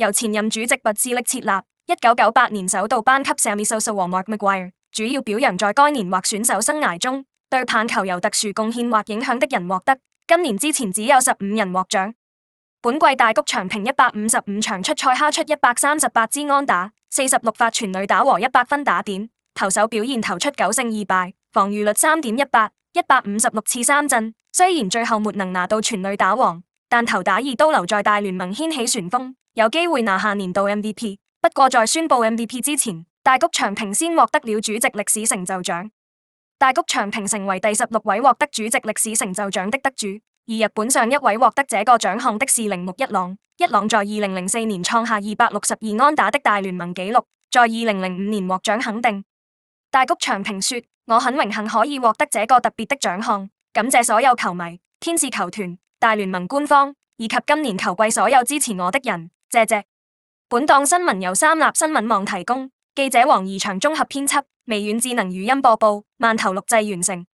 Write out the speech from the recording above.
由前任主席不自力設立。一九九八年，首度頒給上面受授王麥奎爾。主要表揚在該年或選手生涯中對棒球有特殊貢獻或影響的人獲得。今年之前只有十五人獲獎。本季大谷翔平一百五十五場出賽，敲出一百三十八支安打，四十六發全壘打和一百分打點，投手表現投出九勝二敗，防御率三點一八，一百五十六次三振。雖然最後沒能拿到全壘打王，但投打二刀流在大聯盟掀起旋風。有機會拿下年度 MVP，不過在宣佈 MVP 之前，大谷翔平先獲得了主席歷史成就獎。大谷翔平成為第十六位獲得主席歷史成就獎的得主，而日本上一位獲得這個獎項的是鈴木一朗。一朗在二零零四年創下二百六十二安打的大聯盟紀錄，在二零零五年獲獎肯定。大谷翔平說：我很榮幸可以獲得這個特別的獎項，感謝所有球迷、天使球團、大聯盟官方以及今年球季所有支持我的人。謝謝。本檔新聞由三立新聞網提供，記者王怡祥綜合編輯，微軟智能語音播報，饅頭錄製完成。